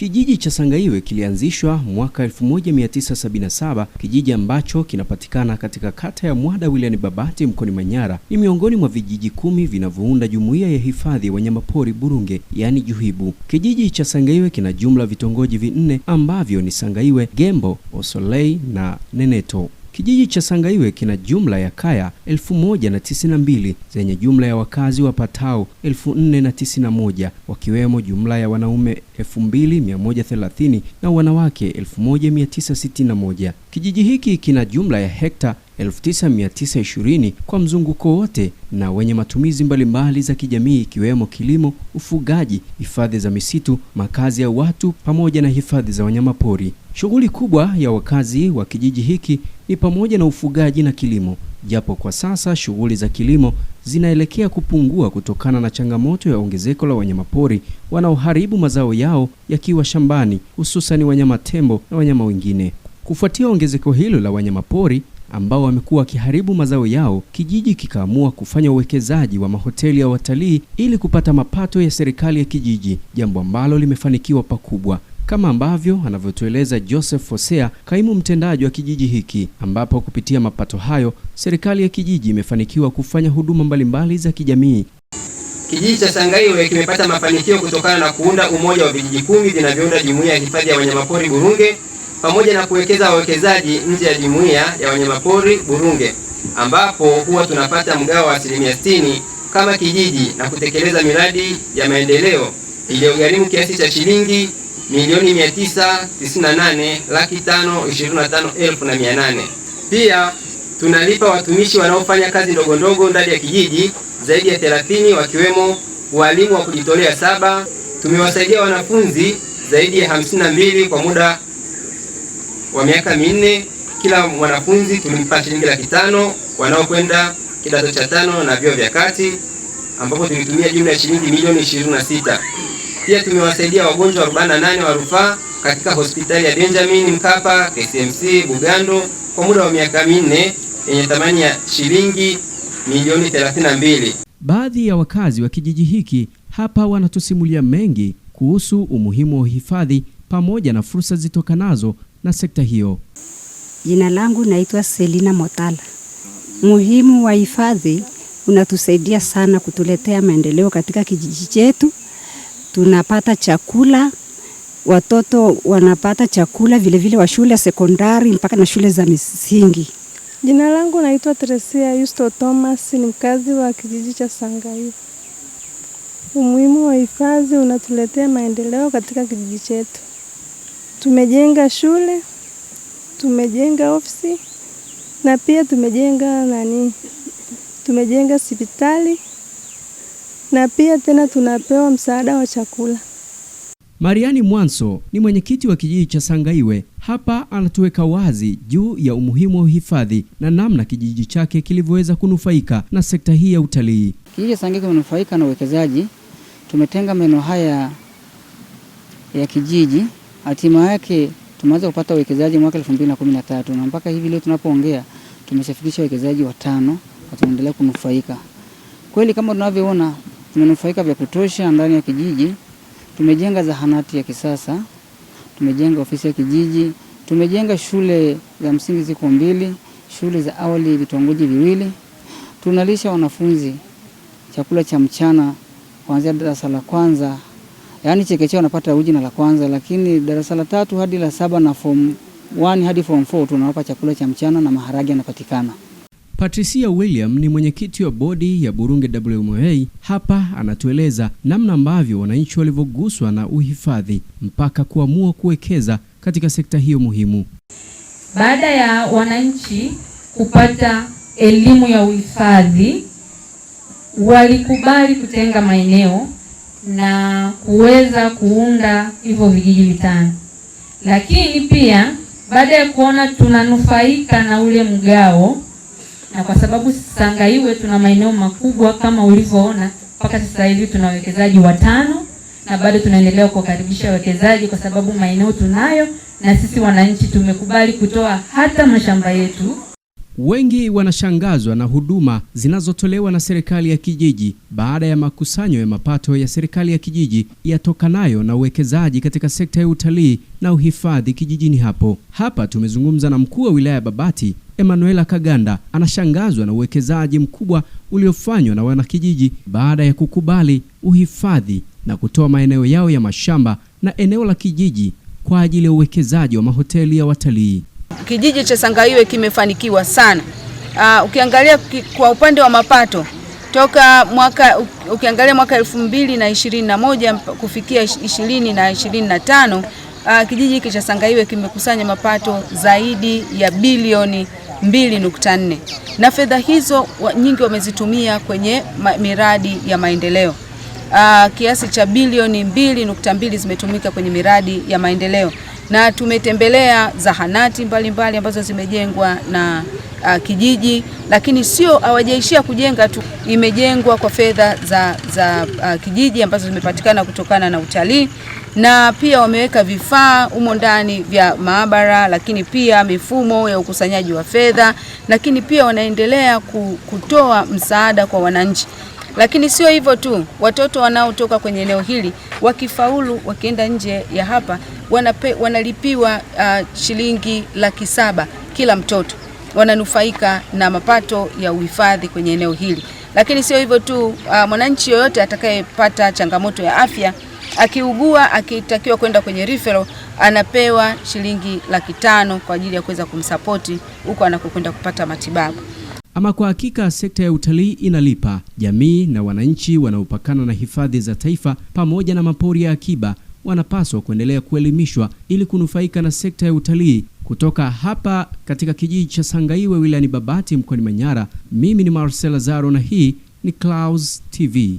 Kijiji cha Sangaiwe kilianzishwa mwaka 1977. Kijiji ambacho kinapatikana katika kata ya Mwada wilayani Babati mkoani Manyara ni miongoni mwa vijiji kumi vinavyounda jumuiya ya hifadhi ya wanyamapori Burunge yaani Juhibu. Kijiji cha Sangaiwe kina jumla vitongoji vinne ambavyo ni Sangaiwe, Gembo, Osolei na Neneto. Kijiji cha Sangaiwe kina jumla ya kaya 1092 zenye jumla ya wakazi wapatao 4091 wakiwemo jumla ya wanaume 2130 na wanawake 1961. Kijiji hiki kina jumla ya hekta 9920 kwa mzunguko wote na wenye matumizi mbalimbali za kijamii ikiwemo kilimo, ufugaji, hifadhi za misitu, makazi ya watu pamoja na hifadhi za wanyamapori. Shughuli kubwa ya wakazi wa kijiji hiki ni pamoja na ufugaji na kilimo, japo kwa sasa shughuli za kilimo zinaelekea kupungua kutokana na changamoto ya ongezeko la wanyamapori wanaoharibu mazao yao yakiwa shambani, hususani wanyama tembo na wanyama wengine. Kufuatia ongezeko hilo la wanyamapori ambao wamekuwa wakiharibu mazao yao, kijiji kikaamua kufanya uwekezaji wa mahoteli ya watalii ili kupata mapato ya serikali ya kijiji, jambo ambalo limefanikiwa pakubwa kama ambavyo anavyotueleza Joseph Fosea, kaimu mtendaji wa kijiji hiki, ambapo kupitia mapato hayo serikali ya kijiji imefanikiwa kufanya huduma mbalimbali za kijamii. Kijiji cha Sangaiwe kimepata mafanikio kutokana na kuunda umoja wa vijiji kumi vinavyounda jumuiya ya hifadhi ya wanyamapori Burunge pamoja na kuwekeza wawekezaji nje ya jumuiya ya wanyamapori Burunge ambapo huwa tunapata mgao wa asilimia sitini kama kijiji na kutekeleza miradi ya maendeleo iliyogharimu kiasi cha shilingi milioni 998 laki tano ishirini na tano elfu na mia nane. Pia tunalipa watumishi wanaofanya kazi ndogo ndogo ndani ya kijiji zaidi ya 30 wakiwemo walimu wa kujitolea saba. Tumewasaidia wanafunzi zaidi ya 52 kwa muda wa miaka minne. Kila mwanafunzi tulimpa shilingi laki tano wanaokwenda kidato cha tano na vyuo vya kati ambapo tulitumia jumla ya shilingi milioni 26. Pia tumewasaidia wagonjwa 48 wa rufaa katika hospitali ya Benjamin Mkapa, KCMC Bugando kwa muda wa miaka minne yenye thamani ya shilingi milioni 32. Baadhi ya wakazi wa kijiji hiki hapa wanatusimulia mengi kuhusu umuhimu wa uhifadhi pamoja na fursa zitokanazo na sekta hiyo. Jina langu naitwa Selina Motala. Muhimu wa hifadhi unatusaidia sana kutuletea maendeleo katika kijiji chetu tunapata chakula, watoto wanapata chakula vilevile vile wa shule ya sekondari mpaka na shule za misingi. Jina langu naitwa Teresia Yusto Thomas, ni mkazi wa kijiji cha sangai Umuhimu wa hifadhi unatuletea maendeleo katika kijiji chetu. Tumejenga shule, tumejenga ofisi na pia tumejenga nani, tumejenga hospitali na pia tena tunapewa msaada wa chakula. Mariani Mwanso ni mwenyekiti wa kijiji cha Sangaiwe. Hapa anatuweka wazi juu ya umuhimu wa uhifadhi na namna kijiji chake kilivyoweza kunufaika na sekta hii ya utalii. Kijiji cha Sangaiwe kimenufaika na uwekezaji. Tumetenga maeneo haya ya kijiji, hatima yake tumeanza kupata uwekezaji mwaka 2013 na mpaka hivi leo tunapoongea tumeshafikisha uwekezaji wa tano na tunaendelea kunufaika. Kweli kama tunavyoona tumenufaika vya kutosha ndani ya kijiji. Tumejenga zahanati ya kisasa, tumejenga ofisi ya kijiji, tumejenga shule za msingi ziko mbili, shule za awali vitongoji viwili. Tunalisha wanafunzi chakula cha mchana kuanzia darasa la kwanza, yaani chekechea wanapata uji na la kwanza, lakini darasa la tatu hadi la saba na form 1 hadi form 4 tunawapa chakula cha mchana na maharage yanapatikana. Patricia William ni mwenyekiti wa bodi ya Burunge WMA. Hapa anatueleza namna ambavyo wananchi walivyoguswa na uhifadhi mpaka kuamua kuwekeza katika sekta hiyo muhimu. Baada ya wananchi kupata elimu ya uhifadhi, walikubali kutenga maeneo na kuweza kuunda hivyo vijiji vitano, lakini pia baada ya kuona tunanufaika na ule mgao na kwa sababu Sangaiwe tuna maeneo makubwa kama ulivyoona, mpaka sasa hivi tuna wawekezaji watano na bado tunaendelea kuwakaribisha wawekezaji kwa sababu maeneo tunayo na sisi wananchi tumekubali kutoa hata mashamba yetu. Wengi wanashangazwa na huduma zinazotolewa na serikali ya kijiji baada ya makusanyo ya mapato ya serikali ya kijiji yatokanayo na uwekezaji katika sekta ya utalii na uhifadhi kijijini hapo. Hapa tumezungumza na mkuu wa wilaya ya Babati Emanuela Kaganda anashangazwa na uwekezaji mkubwa uliofanywa na wanakijiji baada ya kukubali uhifadhi na kutoa maeneo yao ya mashamba na eneo la kijiji kwa ajili ya uwekezaji wa mahoteli ya watalii. Kijiji cha Sangaiwe kimefanikiwa sana. Uh, ukiangalia kwa upande wa mapato toka mwaka ukiangalia mwaka elfu mbili na ishirini na moja kufikia ishirini na ishirini na tano uh, kijiji hiki cha Sangaiwe kimekusanya mapato zaidi ya bilioni 2.4 na fedha hizo wa, nyingi wamezitumia kwenye ma, miradi ya maendeleo. Aa, ah, kiasi cha bilioni 2.2 zimetumika kwenye miradi ya maendeleo na tumetembelea zahanati mbalimbali mbali ambazo zimejengwa na uh, kijiji, lakini sio hawajaishia kujenga tu, imejengwa kwa fedha za, za uh, kijiji ambazo zimepatikana kutokana na utalii, na pia wameweka vifaa humo ndani vya maabara, lakini pia mifumo ya ukusanyaji wa fedha, lakini pia wanaendelea kutoa msaada kwa wananchi lakini sio hivyo tu, watoto wanaotoka kwenye eneo hili wakifaulu, wakienda nje ya hapa wanape, wanalipiwa uh, shilingi laki saba kila mtoto wananufaika na mapato ya uhifadhi kwenye eneo hili. Lakini sio hivyo tu, uh, mwananchi yoyote atakayepata changamoto ya afya akiugua akitakiwa kwenda kwenye referral anapewa shilingi laki tano kwa ajili ya kuweza kumsapoti huko anakokwenda kupata matibabu. Ama kwa hakika sekta ya utalii inalipa. Jamii na wananchi wanaopakana na hifadhi za taifa pamoja na mapori ya akiba wanapaswa kuendelea kuelimishwa ili kunufaika na sekta ya utalii kutoka hapa katika kijiji cha Sangaiwe wilayani Babati mkoani Manyara, mimi ni Marcel Lazaro na hii ni Clouds TV.